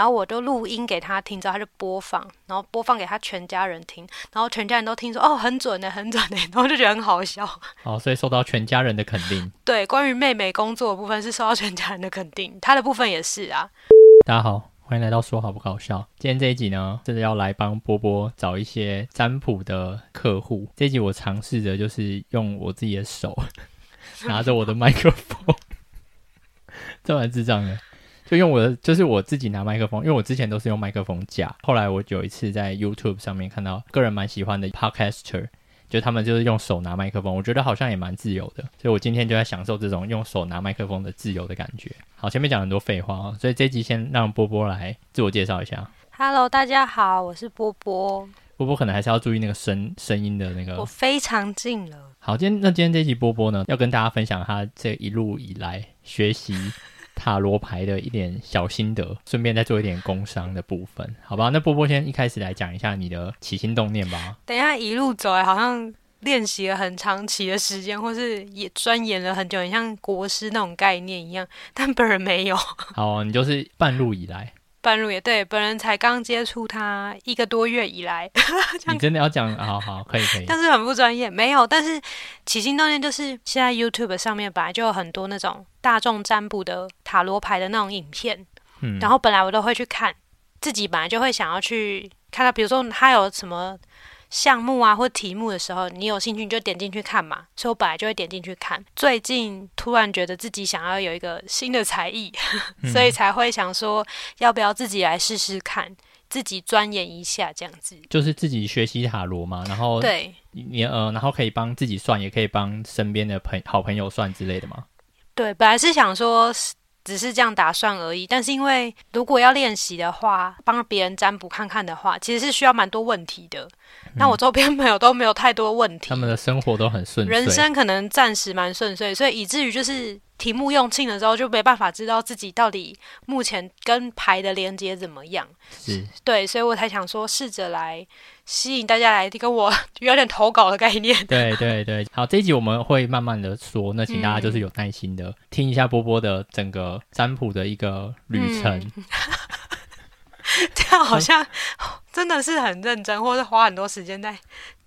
然後我就錄音給他聽，之後他就播放，然後播放給他全家人聽，然後全家人都聽說哦，很準呢、欸，很準呢、欸，然後就覺得很好笑。哦，所以受到全家人的肯定。 對，關於妹妹工作的部分是受到全家人的肯定，她的部分也是啊。大家好，歡迎來到《說好不搞笑》。今天這一集呢，真的要來幫波波找一些占卜的客戶。這一集我嘗試着就是用我自己的手拿着我的麥克風，這蠻 智障的。就用我的，就是我自己拿麥克風，因為我之前都是用麥克風架。後來我有一次在 YouTube 上面看到，個人蠻喜歡的 Podcaster，就他們就是用手拿麥克風，我覺得好像也蠻自由的。所以我今天就在享受這種用手拿麥克風的自由的感覺。好，前面講很多廢話啊，所以這集先讓波波來自我介紹一下。Hello，大家好，我是波波。波波可能還是要注意那個聲聲音的那個，我非常近了。好，今天那今天這集波波呢，要跟大家分享他這一路以來學習。 塔羅牌的一點小心得，順便再做一點工商的部分，好吧？那波波先一開始來講一下你的起心動念吧。等一下一路走來，欸，好像練習了很長期的時間，或是也鑽研了很久，很像國師那種概念一樣，但本人沒有。哦、 好啊，你就是半路以來。半路也對，本人才剛接觸他一個多月以來，呵呵，你真的要講好好可以可以，可以，但是很不專業，沒有。但是起心動念就是，現在 YouTube 上面本來就有很多那種大眾占卜的塔羅牌的那種影片，嗯，然後本來我都會去看，自己本來就會想要去看到，比如說他有什麼。項目啊，或題目的時候，你有興趣你就點進去看嘛。所以我本來就會點進去看。最近突然覺得自己想要有一個新的才藝，嗯、 所以才會想說，要不要自己來試試看，自己鑽研一下這樣子。就是自己學習塔羅嘛，然後對你呃，然後可以幫自己算，也可以幫身邊的朋好朋友算之類的嘛。對，本來是想說。只是這樣打算而已，但是因為如果要練習的話，幫別人占卜看看的話，其實是需要蠻多問題的。那我周邊朋友都沒有太多問題，他們的生活都很順，人生可能暫時蠻順遂，所以以至於就是。題目用盡了之後，就沒辦法知道自己到底目前跟牌的連接怎麼樣。是，對，所以我才想說，試着來吸引大家來跟我有點投稿的概念。對對對，好，這一集我們會慢慢的說，那請大家就是有耐心的、嗯、聽一下波波的整個占卜的一個旅程。嗯、 這樣好像、嗯。真的是很認真，或是花很多時間在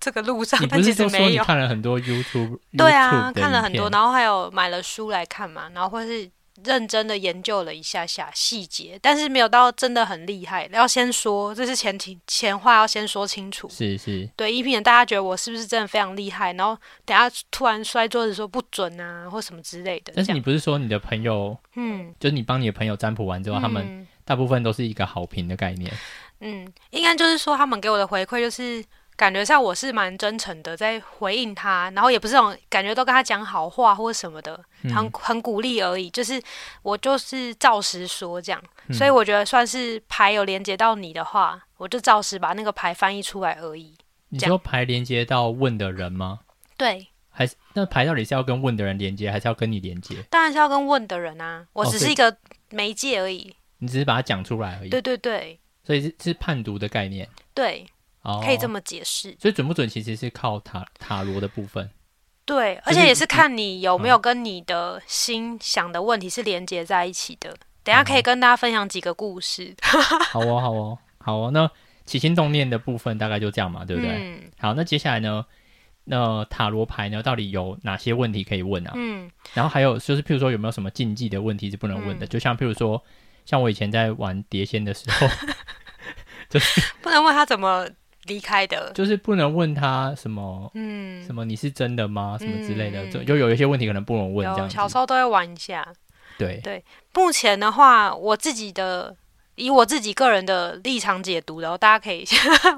這個路上。但其實沒有，你不是說說你看了很多 YouTube？ 對啊，看了很多，然後還有買了書來看嘛，然後或是認真的研究了一下下細節，但是沒有到真的很厲害。要先說這是前提前話，要先說清楚。是是，對，以免大家覺得我是不是真的非常厲害，然後等下突然摔桌子說不準啊，或什麼之類的。但是你不是說你的朋友，嗯，就是你幫你的朋友占卜完之後，嗯、他們大部分都是一個好評的概念。嗯，應該就是說，他們給我的回饋就是感覺上我是蠻真誠的，在回應他，然後也不是那種感覺都跟他講好話或什麼的，很、嗯、很鼓勵而已。就是我就是照實說這樣，嗯、所以我覺得算是牌有連接到你的話，我就照實把那個牌翻譯出來而已。你說牌連接到問的人嗎？對，還是那牌到底是要跟問的人連接，還是要跟你連接？當然是要跟問的人啊，我只是一個媒介而已。哦、你只是把它講出來而已。對對對。所以是是判讀的概念，對，oh. 可以這麼解釋。所以準不準其實是靠塔塔羅的部分，對，而且也是看你有沒有跟你的心想的問題是連接在一起的。嗯、等一下可以跟大家分享幾個故事。Oh. 好哦，好哦，好哦。那起心動念的部分大概就這樣嘛，對不對？嗯、好，那接下來呢？那塔羅牌呢？到底有哪些問題可以問啊？嗯，然後還有就是，譬如說有沒有什麼禁忌的問題是不能問的？嗯、就像譬如說，像我以前在玩碟仙的時候。 就是、不能問他怎麼離開的， 就是不能問他什麼，嗯，什麼你是真的嗎？什麼之類的，嗯、就，就有一些問題可能不能問這樣。小時候都會玩一下，對對。目前的話，我自己的以我自己個人的立場解讀的，然後大家可以，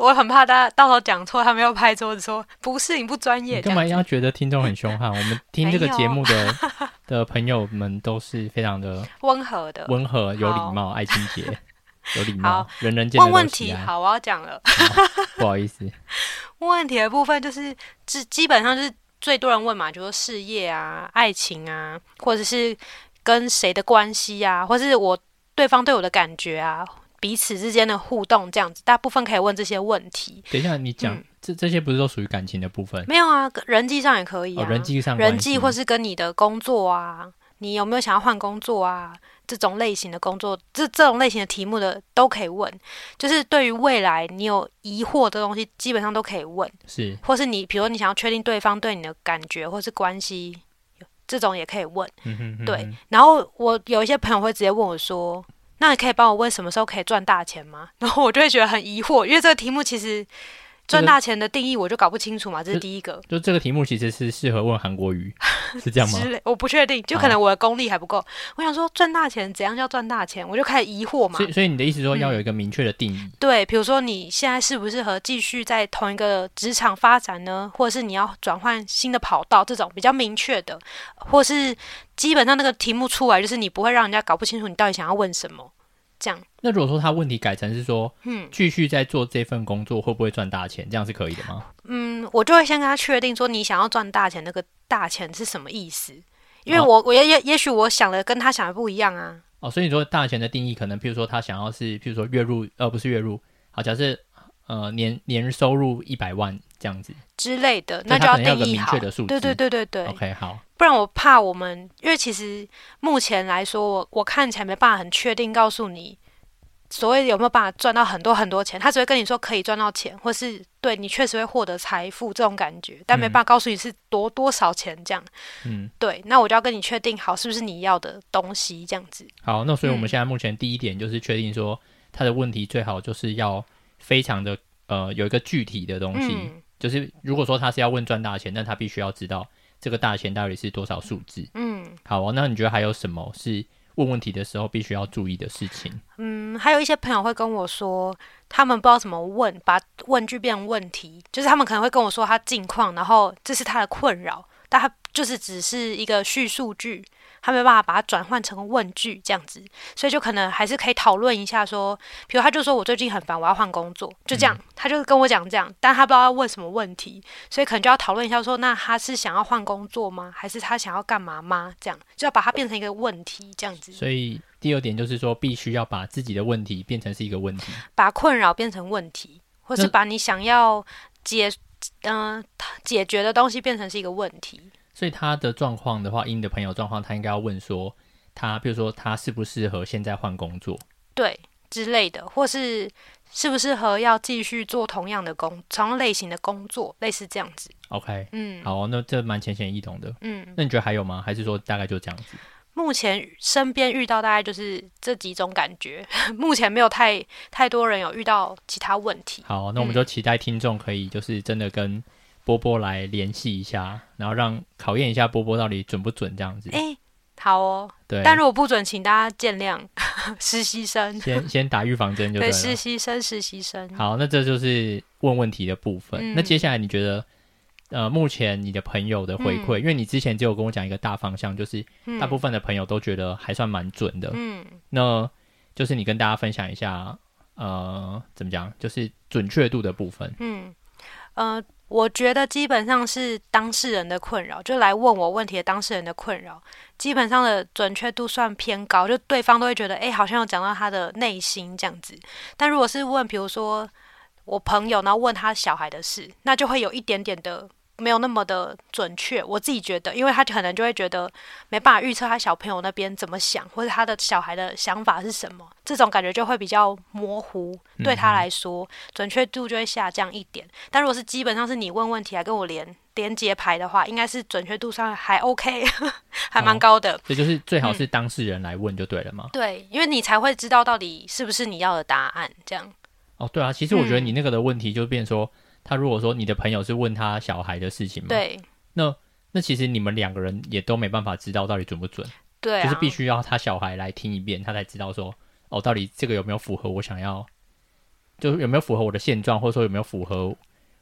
我很怕大家到時候講錯，他們要拍桌子說不是你不專業這樣。幹嘛要覺得聽眾很凶悍？ 有我們聽這個節目的的朋友們都是非常的溫和的，溫好和有禮貌，愛清潔。 有禮貌，好人人問問題。啊、好，我要講了、哦。不好意思，問 問題的部分就是，基本上就是最多人問嘛，就說、是、事業啊、愛情啊，或者是跟誰的關係啊，或者是我對方對我的感覺啊，彼此之間的互動這樣子，大部分可以問這些問題。等一下你講，嗯、這這些不是都屬於感情的部分？沒有啊，人際上也可以啊，人際上，人際或是跟你的工作啊。你有沒有想要換工作啊？這種類型的工作，這這種類型的題目的都可以問。就是對於未來你有疑惑的東西，基本上都可以問。是，或是你，比如說你想要確定對方對你的感覺，或是關係，這種也可以問。嗯哼嗯哼。對。然後我有一些朋友會直接問我說：“那你可以幫我問什麼時候可以賺大錢嗎？”然後我就會覺得很疑惑，因為這個題目其實。賺大錢的定義我就搞不清楚嘛，這個、這是第一個就。就這個題目其實是適合問韓國瑜，是這樣嗎 我不確定，就可能我的功力還不夠。啊、我想說賺大錢怎樣叫賺大錢，我就開始疑惑嘛。所以，所以你的意思說要有一個明確的定義、嗯？對，比如說你現在適不適合繼續在同一個職場發展呢？或者是你要轉換新的跑道？這種比較明確的，或是基本上那個題目出來，就是你不會讓人家搞不清楚你到底想要問什麼。這樣，那如果說他問題改成是說，嗯，繼續在做這份工作會不會賺大錢？這樣是可以的嗎？嗯，我就會先跟他確定說，你想要賺大錢，那個大錢是什麼意思？因為我，哦、我也也也許我想的跟他想的不一樣啊。哦，所以你說大錢的定義，可能譬如說他想要是譬如說月入呃不是月入，好，假設呃年年收入一百萬。這樣子之類的，那就要定義好。對對對對對,對。OK，好。不然我怕我們，因為其實目前來說，我我看起來沒辦法很確定告訴你，所謂有沒有辦法賺到很多很多錢，他只會跟你說可以賺到錢，或是對你確實會獲得財富這種感覺，嗯、但沒辦法告訴你是多多少錢這樣。嗯，對。那我就要跟你確定好是不是你要的東西，這樣子。好，那所以我們現在目前第一點就是確定說，他的問題最好就是要非常的呃有一個具體的東西。嗯就是如果說他是要問賺大錢，那他必須要知道這個大錢到底是多少數字。嗯，好哦，那你覺得還有什麼是問問題的時候必須要注意的事情？嗯，還有一些朋友會跟我說，他們不知道怎麼問，把問句變成問題，就是他們可能會跟我說他近況，然後這是他的困擾，但他就是只是一個敘述句。他沒辦法把它轉換成問句這樣子，所以就可能還是可以討論一下，說，比如他就說我最近很煩，我要換工作，就這樣，嗯、他就是跟我講這樣，但他不知道要問什麼問題，所以可能就要討論一下，說，那他是想要換工作嗎？還是他想要幹嘛嗎？這樣就要把它變成一個問題這樣子。所以第二點就是說，必須要把自己的問題變成是一個問題，把困擾變成問題，或是把你想要解嗯那、呃、解決的東西變成是一個問題。所以他的狀況的話，因你的朋友狀況，他應該要問說他，他比如說他適不適合現在換工作，對之類的，或是適不適合要繼續做同樣的工作，同樣類型的工作，類似這樣子。OK，嗯，好，那這蠻淺顯易懂的。嗯，那你覺得還有嗎？還是說大概就這樣子？目前身邊遇到大概就是這幾種感覺， 目前沒有太太多人有遇到其他問題。好，那我們就期待聽眾可以就是真的跟，嗯。波波來聯繫一下，然後讓考驗一下波波到底準不準這樣子。哎，欸，好哦。對，但如果不準，請大家見諒，實習生。先先打預防針就對了。對，實習生，實習生。好，那這就是問問題的部分。嗯，那接下來你覺得，呃，目前你的朋友的回饋，嗯，因為你之前就有跟我講一個大方向，就是大部分的朋友都覺得還算蠻準的。嗯，那就是你跟大家分享一下，呃，怎麼講，就是準確度的部分。嗯。嗯、呃，我覺得基本上是當事人的困擾，就來問我問題的當事人的困擾，基本上的準確度算偏高，就對方都會覺得，哎、欸，好像有講到他的內心這樣子。但如果是問，比如說我朋友，然後問他小孩的事，那就會有一點點的。沒有那麼的準確，我自己覺得，因為他可能就會覺得沒辦法預測他小朋友那邊怎麼想，或者他的小孩的想法是什麼，這種感覺就會比較模糊，對他來說、嗯、哼準確度就會下降一點。但如果是基本上是你問問題來跟我連連接牌的話，應該是準確度上還 OK，呵呵還蠻高的。所以、哦、就是最好是當事人來問就對了嘛、嗯。對，因為你才會知道到底是不是你要的答案這樣。哦，對啊，其實我覺得你那個的問題就變成說。嗯他如果說你的朋友是問他小孩的事情嗎？對，那那其實你們兩個人也都沒辦法知道到底準不準，對啊，就是必須要他小孩來聽一遍，他才知道說哦，到底這個有沒有符合我想要，就是有沒有符合我的現狀，或者說有沒有符合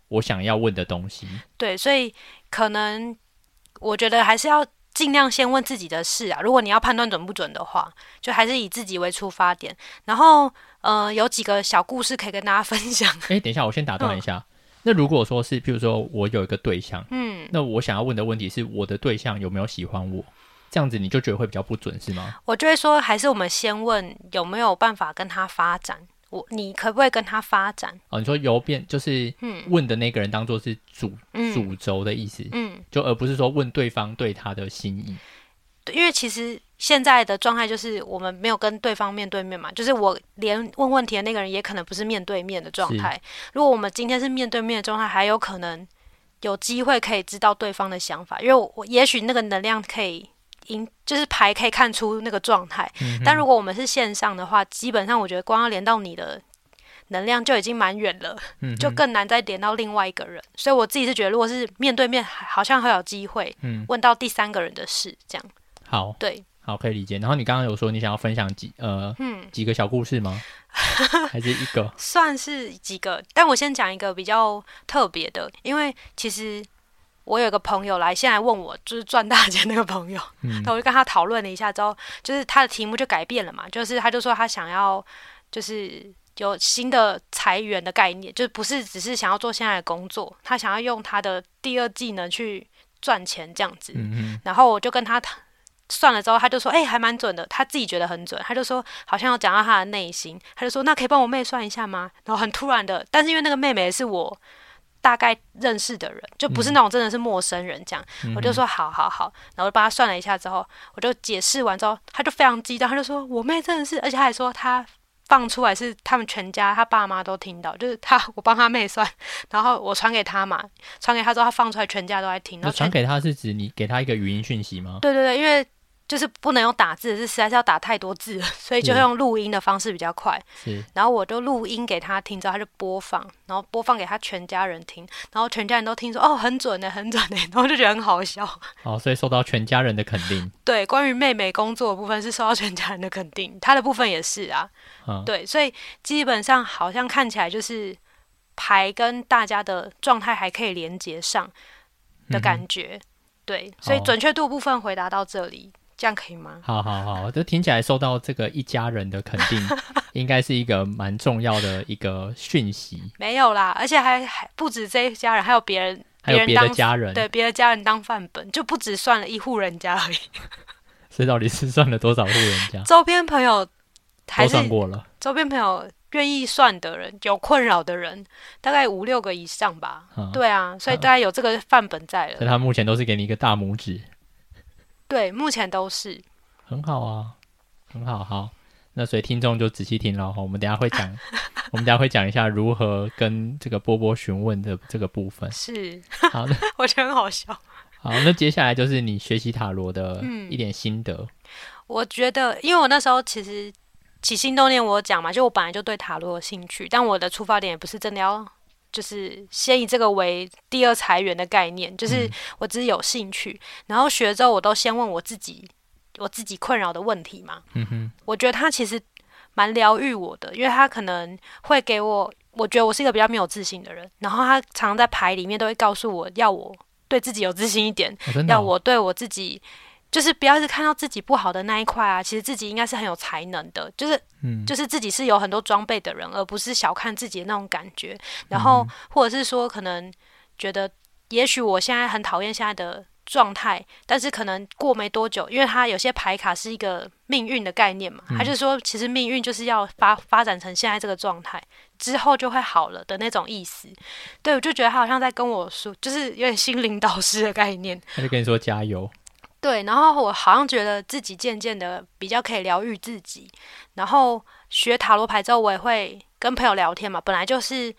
我想要問的東西。對，所以可能我覺得還是要盡量先問自己的事啊。如果你要判斷準不準的話，就還是以自己為出發點。然後呃，有幾個小故事可以跟大家分享。誒，等一下，我先打斷一下。嗯那如果說是，譬如說我有一個對象，嗯，那我想要問的問題是我的對象有沒有喜歡我？這樣子你就覺得會比較不準是嗎？我就會說，還是我們先問有沒有辦法跟他發展？我你可不可以跟他發展？哦，你說由變就是，嗯，問的那個人當做是主、嗯、主軸的意思，嗯，嗯，就而不是說問對方對他的心意，因為其實。現在的狀態就是我們沒有跟對方面對面嘛，就是我連問問題的那個人也可能不是面對面的狀態。是如果我們今天是面對面的狀態，還有可能有機會可以知道對方的想法，因為我，我也許那個能量可以贏，就是牌可以看出那個狀態。嗯、哼但如果我們是線上的話，基本上我覺得光要連到你的能量就已經蠻遠了，嗯、哼就更難再連到另外一個人。所以我自己是覺得，如果是面對面，好像還有機會問到第三個人的事、嗯、這樣。好，對。好，可以理解。然後你剛剛有說你想要分享幾呃，嗯，幾個小故事嗎？ 還是一個？算是幾個？但我先講一個比較特別的，因為其實我有個朋友來，現在問我就是賺大錢那個朋友，那、嗯、我就跟他討論了一下之後，就是他的題目就改變了嘛，就是他就說他想要就是有新的財源的概念，就不是只是想要做現在的工作，他想要用他的第二技能去賺錢這樣子。嗯、哼然後我就跟他談。算了之後，他就說：“哎、欸，還蠻準的，他自己覺得很準。”他就說：“好像要講到他的內心。”他就說：“那可以幫我妹算一下嗎？”然後很突然的，但是因為那個妹妹是我大概認識的人，就不是那種真的是陌生人這樣。嗯嗯、我就說：“好好好。”然後我幫他算了一下之後，我就解釋完之後，他就非常激動，他就說：“我妹真的是，而且他還說他放出來是他們全家，他爸媽都聽到，就是他我幫他妹算，然後我傳給他嘛，傳給他之後他放出來，全家都在聽。”那傳給他是指你給他一個語音訊息嗎？對對對，因為。就是不能用打字，是實在是要打太多字了，所以就用錄音的方式比較快。是然後我就錄音給他聽，之後他就播放，然後播放給他全家人聽，然後全家人都聽說哦，很準的，很準的，然後就覺得很好笑。哦，所以受到全家人的肯定。對，關於妹妹工作的部分是受到全家人的肯定，她的部分也是啊。哦、對，所以基本上好像看起來就是牌跟大家的狀態還可以連接上的感覺。嗯、哼對，所以準確度部分回答到這裡。這樣可以嗎？好好好，就聽起來受到這個一家人的肯定， 應該是一個蠻重要的一個訊息。 沒有啦，而且還還不止這一家人，還有別人，別人當還有別的家人，對別的家人當範本，就不止算了一戶人家而已。所 以到底是算了多少戶人家？ 周邊朋友還是都算過了？周邊朋友願意算的人，有困擾的人，大概五六個以上吧。嗯、對啊，所以大概有這個範本在了。嗯、所以，他目前都是給你一個大拇指。對，目前都是很好啊，很好，好。那所以聽眾就仔細聽了。我們等下會講， 我們等下會講一下如何跟這個波波詢問的這個部分。是好的， 我覺得很好笑。好，那接下來就是你學習塔羅的一點心得。 嗯，我覺得，因為我那時候其實起心動念，我有講嘛，就我本來就對塔羅有興趣，但我的出發點也不是真的要。就是先以這個為第二財源的概念，就是我只是有興趣，嗯、然後學之後我都先問我自己，我自己困擾的問題嘛。嗯哼，我覺得他其實蠻療癒我的，因為他可能會給我，我覺得我是一個比較沒有自信的人，然後他常在牌裡面都會告訴我，要我對自己有自信一點，哦哦、要我對我自己。就是不要是看到自己不好的那一塊啊，其實自己應該是很有才能的，就是，嗯、就是自己是有很多裝備的人，而不是小看自己的那種感覺。然後或者是說，可能覺得也許我現在很討厭現在的狀態，但是可能過沒多久，因為他有些牌卡是一個命運的概念嘛，他、嗯、就是說其實命運就是要發發展成現在這個狀態之後就會好了的那種意思。對，我就覺得他好像在跟我說，就是有點心靈導師的概念。他就跟你說加油。對，然後我好像覺得自己漸漸的比較可以療癒自己。然後學塔羅牌之後，我也會跟朋友聊天嘛。本來就是，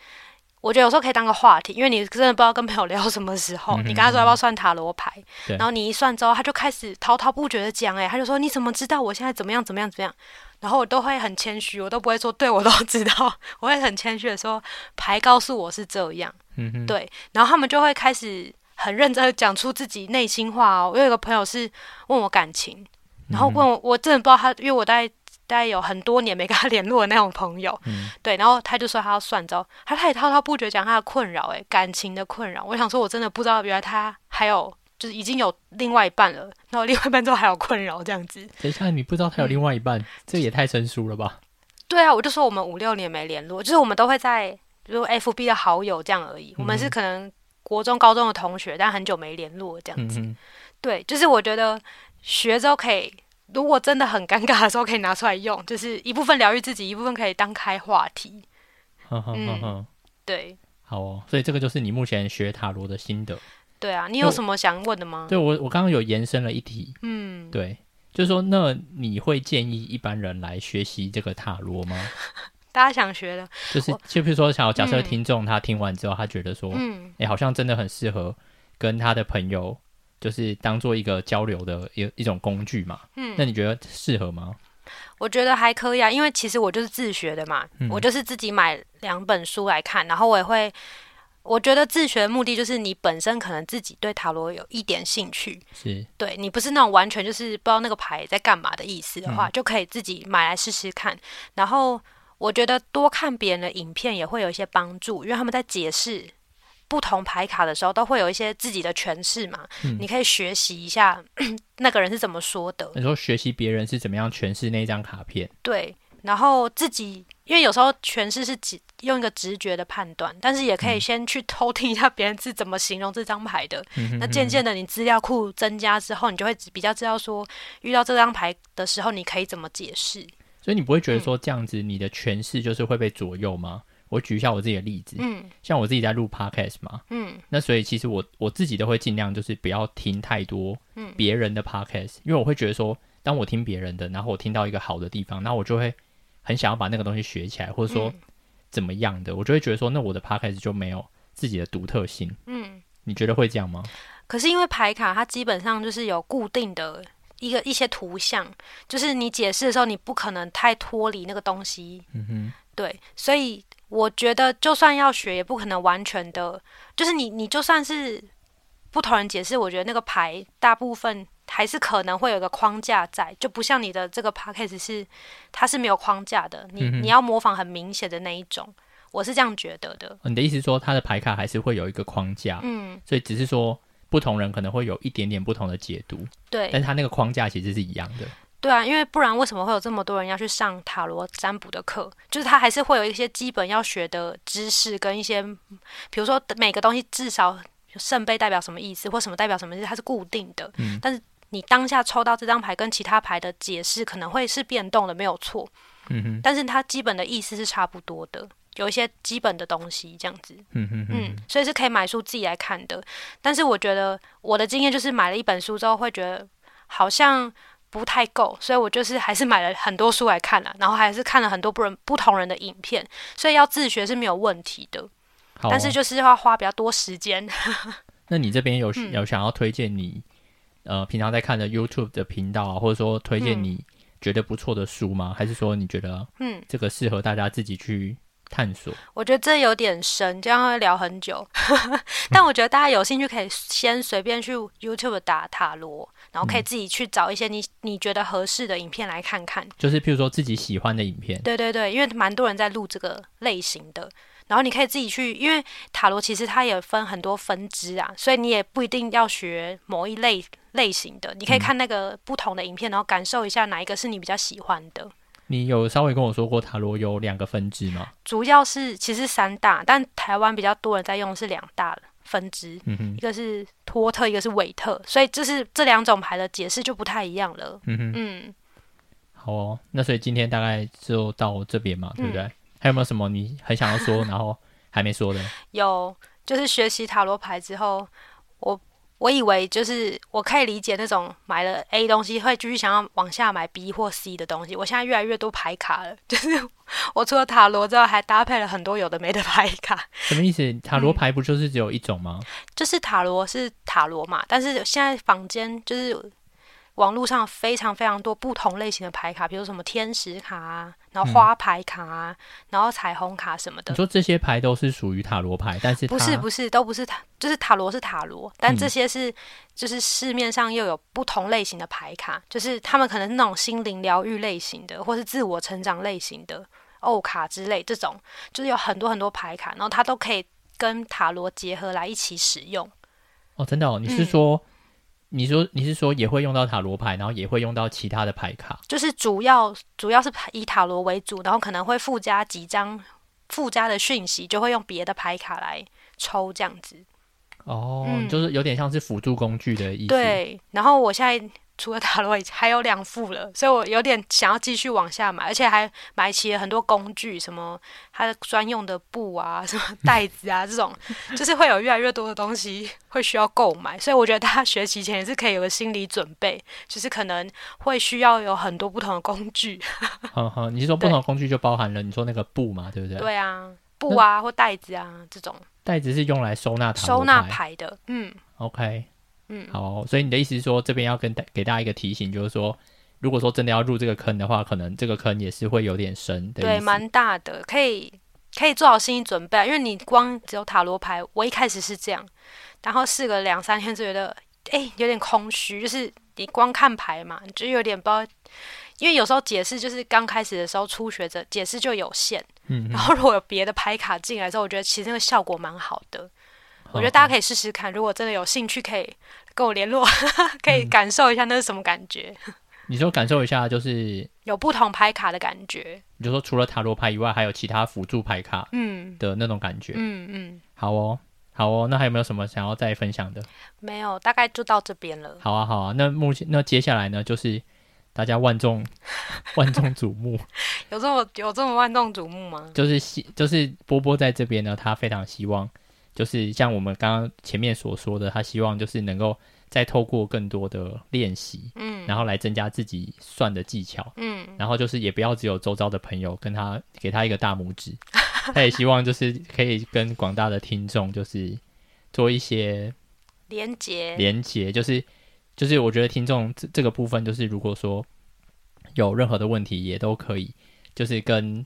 我覺得有時候可以當個話題，因為你真的不知道跟朋友聊什麼時候。嗯、哼你跟他說要不要算塔羅牌，對然後你一算之後，他就開始滔滔不絕的講、欸，誒，他就說你怎麼知道我現在怎麼樣怎麼樣怎麼樣？然後我都會很謙虛，我都不會說對我都知道，我會很謙虛的說牌告訴我是這樣。嗯哼對，然後他們就會開始。很認真地講出自己內心話哦。我有一個朋友是問我感情，然後問我，嗯、我真的不知道他，因為我大概大概有很多年沒跟他聯絡的那種朋友，嗯、對。然後他就說他要算招，他他也滔滔不絕講他的困擾，哎，感情的困擾。我想說，我真的不知道，原來他還有就是已經有另外一半了，然後另外一半之後還有困擾這樣子。等一下，你不知道他有另外一半，嗯、這也太成熟生疏了吧？對啊，我就說我們五六年沒聯絡，就是我們都會在，比如 FB 的好友這樣而已。嗯、我們是可能。國中、高中的同學，但很久沒聯絡，這樣子，嗯、哼對，就是我覺得學之後可以，如果真的很尷尬的時候，可以拿出來用，就是一部分療癒自己，一部分可以當開話題。嗯嗯嗯嗯，對，好哦，所以這個就是你目前學塔羅的心得。對啊，你有什麼想問的嗎？我對我，我剛剛有延伸了一題，嗯，對，就是說，那你會建議一般人來學習這個塔羅嗎？ 大家想學的，就是，就比我如說，要假設聽眾他聽完之後，嗯、他覺得說，嗯，哎，好像真的很適合跟他的朋友，就是當做一個交流的一一種工具嘛。嗯，那你覺得適合嗎？我覺得還可以啊，因為其實我就是自學的嘛，嗯、我就是自己買兩本書來看，然後我也會，我覺得自學的目的就是你本身可能自己對塔羅有一點興趣，是對你不是那種完全就是不知道那個牌在幹嘛的意思的話，嗯、就可以自己買來試試看，然後。我覺得多看別人的影片，也會有一些幫助，因為他們在解釋不同牌卡的時候，都會有一些自己的詮釋嘛。嗯、你可以學習一下那個人是怎麼說的，你說學習別人是怎麼樣詮釋那張卡片。對，然後自己因為有時候詮釋是直用一個直覺的判斷，但是也可以先去偷聽一下別人是怎麼形容這張牌的。嗯、那漸漸的，你資料庫增加之後，嗯嗯、你就會比較知道說遇到這張牌的時候，你可以怎麼解釋。所以你不會覺得說，這樣子你的詮釋就是會被左右嗎？嗯、我舉一下我自己的例子，嗯，像我自己在錄 podcast 嘛，嗯，那所以其實我我自己都會盡量就是不要聽太多別人的 podcast，嗯、因為我會覺得說，當我聽別人的，然後我聽到一個好的地方，那我就會很想要把那個東西學起來，或者說怎麼樣的，嗯、我就會覺得說，那我的 podcast 就沒有自己的獨特性，嗯，你覺得會這樣嗎？可是因為牌卡它基本上就是有固定的，一個一些圖像，就是你解釋的時候，你不可能太脫離那個東西。嗯哼，對，所以我覺得，就算要學，也不可能完全的。就是你，你就算是不同人解釋，我覺得那個牌大部分還是可能會有個框架在，就不像你的這個 Podcast 是它是沒有框架的。你、嗯、哼你要模仿很明顯的那一種，我是這樣覺得的。哦、你的意思是說，它的牌卡還是會有一個框架？嗯，所以只是說。不同人可能會有一點點不同的解讀，對，但他那個框架其實是一樣的，對啊，因為不然為什麼會有這麼多人要去上塔羅占卜的課？就是他還是會有一些基本要學的知識，跟一些比如說每個東西至少聖杯代表什麼意思，或什麼代表什麼意思，它是固定的。嗯，但是你當下抽到這張牌跟其他牌的解釋可能會是變動的，沒有錯。嗯哼，但是它基本的意思是差不多的。有一些基本的東西這樣子，嗯嗯 嗯，所以是可以買書自己來看的。但是我覺得我的經驗就是買了一本書之後，會覺得好像不太夠，所以我就是還是買了很多書來看了，啊，然後還是看了很多不人不同人的影片，所以要自學是沒有問題的。好，哦，但是就是要花比較多時間。 那你這邊有有想要推薦你，嗯、呃平常在看的 YouTube 的頻道，啊，或者說推薦你覺得不錯的書嗎？嗯，還是說你覺得嗯這個適合大家自己去？探索，我覺得這有點深，這樣會聊很久。 但我覺得大家有興趣可以先隨便去 YouTube 打塔羅，然後可以自己去找一些你、嗯、你覺得合適的影片來看看。就是譬如說自己喜歡的影片。對對對，因為蠻多人在錄這個類型的，然後你可以自己去，因為塔羅其實它也分很多分支啊，所以你也不一定要學某一類類型的，你可以看那個不同的影片，然後感受一下哪一個是你比較喜歡的。你有稍微跟我說過塔羅有兩個分支嗎？主要是其實是三大，但台灣比較多人在用的是兩大分支，嗯哼，一個是托特，一個是韋特，所以就是這兩種牌的解釋就不太一樣了，嗯哼，嗯，好哦，那所以今天大概就到這邊嘛，對不對？嗯、還有沒有什麼你很想要說 然後還沒說的？有，就是學習塔羅牌之後，我。我以為就是我可以理解那種買了 A 東西會繼續想要往下買 B 或 C 的東西。我現在越來越多牌卡了，就是我除了塔羅之外，還搭配了很多有的沒的牌卡。什麼意思？塔羅牌不就是只有一種嗎？嗯，就是塔羅是塔羅嘛，但是現在坊間就是網絡上非常非常多不同類型的牌卡，比如什麼天使卡啊。然後花牌卡、啊，嗯、然後彩虹卡什麼的。你說這些牌都是屬於塔羅牌？但是不是不是都不是，塔，就是塔羅是塔羅，但這些是、嗯、就是市面上又有不同類型的牌卡，就是他們可能是那種心靈療癒類型的，或是自我成長類型的 OH 卡之類，這種就是有很多很多牌卡，然後它都可以跟塔羅結合來一起使用。哦，真的？哦，你是說、嗯？你說你是說也會用到塔羅牌，然後也會用到其他的牌卡？就是主要主要，是以塔羅為主，然後可能會附加幾張附加的訊息，就會用別的牌卡來抽這樣子。哦，嗯，就是有點像是輔助工具的意思。對，然後我現在。除了塔羅，已經還有兩副了，所以我有點想要繼續往下買，而且還買齊了很多工具，什麼它的專用的布啊，什麼袋子啊， 這種就是會有越來越多的東西會需要購買，所以我覺得大家學習前也是可以有個心理準備，就是可能會需要有很多不同的工具。好好，你是說不同的工具就包含了對你說那個布嘛，對不對？對啊，布啊那或袋子啊這種。袋子是用來收納塔收納牌的，嗯。OK。嗯，好，所以你的意思是說，這邊要跟大給大家一個提醒，就是說，如果說真的要入這個坑的話，可能這個坑也是會有點深，對，蠻大的，可以可以做好心理準備，因為你光只有塔羅牌，我一開始是這樣，然後試個兩三天就覺得，哎、欸，有點空虛，就是你光看牌嘛，就有點不知道，因為有時候解釋就是剛開始的時候，初學者解釋就有限，嗯哼，然後如果有別的牌卡進來之後，我覺得其實那個效果蠻好的。我覺得大家可以試試看，如果真的有興趣，可以跟我聯絡，嗯、 可以感受一下那是什麼感覺。你說感受一下，就是有不同牌卡的感覺。你就說除了塔羅牌以外，還有其他輔助牌卡，嗯，的那種感覺。嗯嗯，好哦，好哦，那還有沒有什麼想要再分享的？沒有，大概就到這邊了。好啊，好啊，那目前那接下來呢，就是大家萬眾萬眾矚目 有，有這麼有這麼萬眾矚目嗎？就是希，就是波波在這邊呢，他非常希望。就是像我們剛剛前面所說的，他希望就是能夠再透過更多的練習，嗯，然後來增加自己算的技巧，嗯，然後就是也不要只有周遭的朋友跟他給他一個大拇指， 他也希望就是可以跟廣大的聽眾就是做一些連結，連結，就是就是我覺得聽眾這這個部分，就是如果說有任何的問題，也都可以就是跟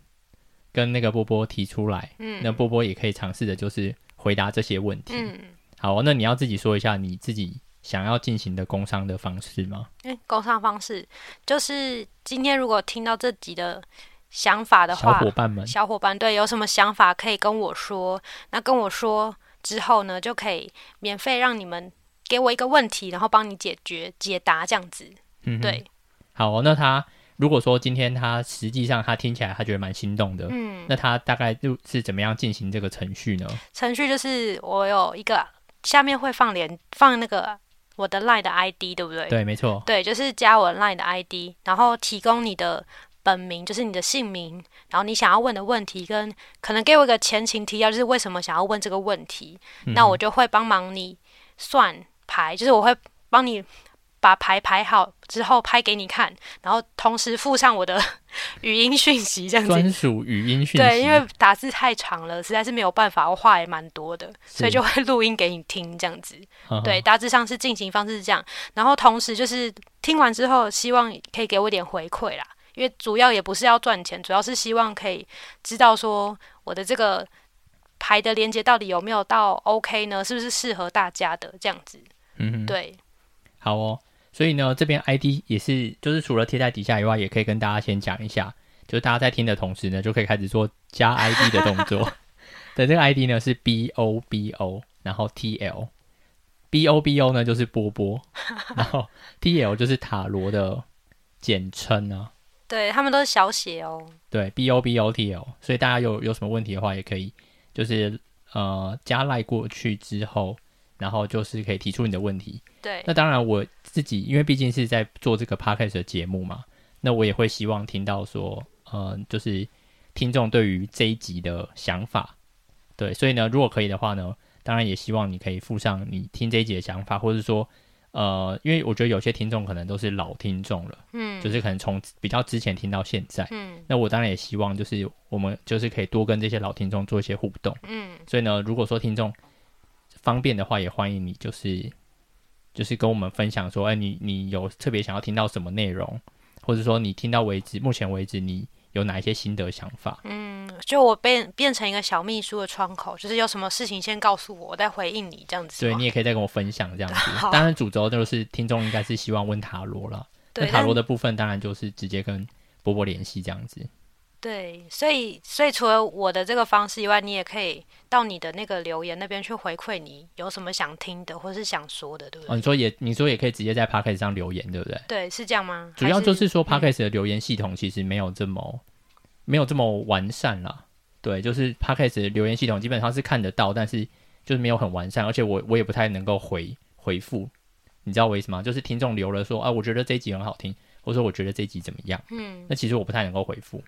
跟那個波波提出來，嗯，那波波也可以嘗試着就是。回答這些問題。嗯，好，那你要自己說一下你自己想要進行的工商的方式嗎？嗯，工商方式就是今天如果聽到這集的想法的話，小伙伴們，小伙伴，對，有什麼想法可以跟我說？那跟我說之後呢，就可以免費讓你們給我一個問題，然後幫你解決解答這樣子。嗯哼，對。好，那他。如果說今天他實際上他聽起來他覺得蠻心動的，嗯，那他大概就是怎麼樣進行這個程序呢？程序就是我有一個下面會放連放那個我的 LINE 的 ID，對不對？對，沒錯。對，就是加我 LINE 的 ID，然後提供你的本名，就是你的姓名，然後你想要問的問題，跟可能給我一個前情提要，就是為什麼想要問這個問題，嗯哼。那我就會幫忙你算牌，就是我會幫你。把牌排好之後拍給你看，然後同時附上我的 語音訊息，息，這樣專屬語音訊息，對，因為打字太長了，實在是沒有辦法，我話也蠻多的，所以就會錄音給你聽這樣子。是對，大致上是進行方式是這樣，哦、然後同時就是聽完之後，希望可以給我點回饋啦，因為主要也不是要賺錢，主要是希望可以知道說我的這個牌的連接到底有沒有到 OK 呢？是不是適合大家的這樣子？嗯哼，對，好哦。所以呢，這邊 ID 也是，就是除了貼在底下以外，也可以跟大家先講一下，就是大家在聽的同時呢，就可以開始做加 ID 的動作。 對，這個 ID 呢是 B O B O，然後 T L。B O B O 呢就是波波，然後 T L 就是塔羅的簡稱啊。 對，他們都是小寫哦。對，B O B O T L，所以大家有有什麼問題的話，也可以就是呃加賴過去之後。然後就是可以提出你的問題，對。那當然我自己，因為畢竟是在做這個 podcast 的節目嘛，那我也會希望聽到說，呃，就是聽眾對於這一集的想法，對。所以呢，如果可以的話呢，當然也希望你可以附上你聽這一集的想法，或是說，呃，因為我覺得有些聽眾可能都是老聽眾了，嗯，就是可能從比較之前聽到現在，嗯。那我當然也希望就是我們就是可以多跟這些老聽眾做一些互動，嗯。所以呢，如果說聽眾。方便的話，也歡迎你，就是就是跟我們分享說，哎、欸，你你有特別想要聽到什麼內容，或者說你聽到為止，目前為止你有哪一些心得想法？嗯，就我變變成一個小秘書的窗口，就是有什麼事情先告訴我，我再回應你這樣子。對，你也可以再跟我分享這樣子。好當然，主軸就是聽眾應該是希望問塔羅了，問對塔羅的部分當然就是直接跟波波聯繫這樣子。對，所以所以除了我的這個方式以外，你也可以到你的那個留言那邊去回饋，你有什麼想聽的或是想說的，對不對？哦，你說也，你說也可以直接在 Podcast 上留言，對不對？對，是這樣嗎？主要就是說 Podcast 的留言系統其實沒有這麼、嗯、沒有這麼完善啦。對，就是 Podcast 的留言系統基本上是看得到，但是就是沒有很完善，而且我我也不太能夠回回復。你知道為什麼嗎？就是聽眾留了說啊，我覺得這一集很好聽，或者說我覺得這一集怎麼樣？嗯，那其實我不太能夠回覆。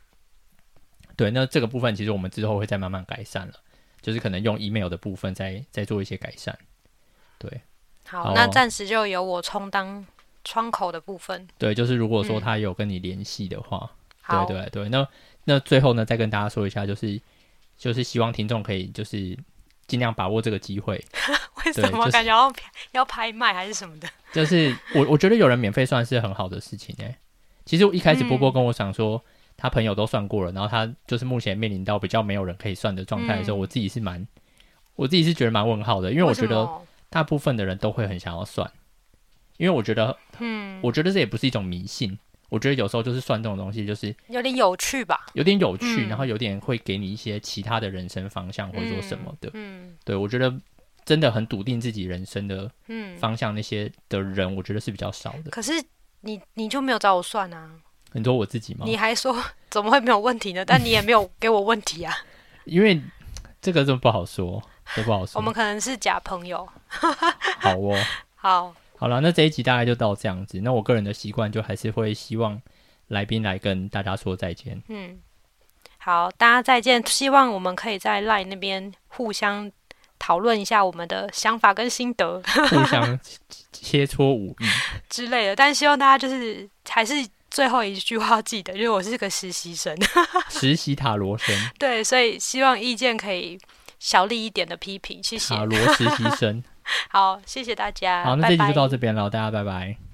對，那這個部分其實我們之後會再慢慢改善了，就是可能用 email 的部分再再做一些改善。對，好，好，那暫時就由我充當窗口的部分。對，就是如果說他有跟你聯繫的話，嗯、對對對，那那最後呢，再跟大家說一下，就是就是希望聽眾可以就是盡量把握這個機會。 為什麼、就是、感覺要要拍賣還是什麼的？就是我我覺得有人免費算是很好的事情哎、欸。其實我一開始波波跟我想說。嗯他朋友都算過了，然後他就是目前面臨到比較沒有人可以算的狀態的時候，嗯、我自己是蠻，我自己是覺得蠻問號的，因為我覺得大部分的人都會很想要算，因為我覺得，嗯，我覺得這也不是一種迷信，我覺得有時候就是算這種東西就是有點有趣吧，有點有趣，嗯、然後有點會給你一些其他的人生方向或者說什麼的，嗯，對我覺得真的很篤定自己人生的嗯方向那些的人，嗯、我覺得是比較少的。可是你你就沒有找我算啊？很多我自己嗎？你還說怎麼會沒有問題呢？但你也沒有給我問題啊。 因為這個真不好說，都不好說。 我們可能是假朋友。 好哦，好，好了，那這一集大概就到這樣子。那我個人的習慣就還是會希望來賓來跟大家說再見。嗯，好，大家再見。希望我們可以在 LINE 那邊互相討論一下我們的想法跟心得， 互相切,切,切磋武藝 之類的。但希望大家就是還是。最後一句話要記得，因為我是個實習生，實習塔羅生。 對，所以希望意見可以小力一點的批評，謝謝。其、啊、實塔羅實習生， 好，謝謝大家。好，那這集就到這邊了，拜拜大家拜拜。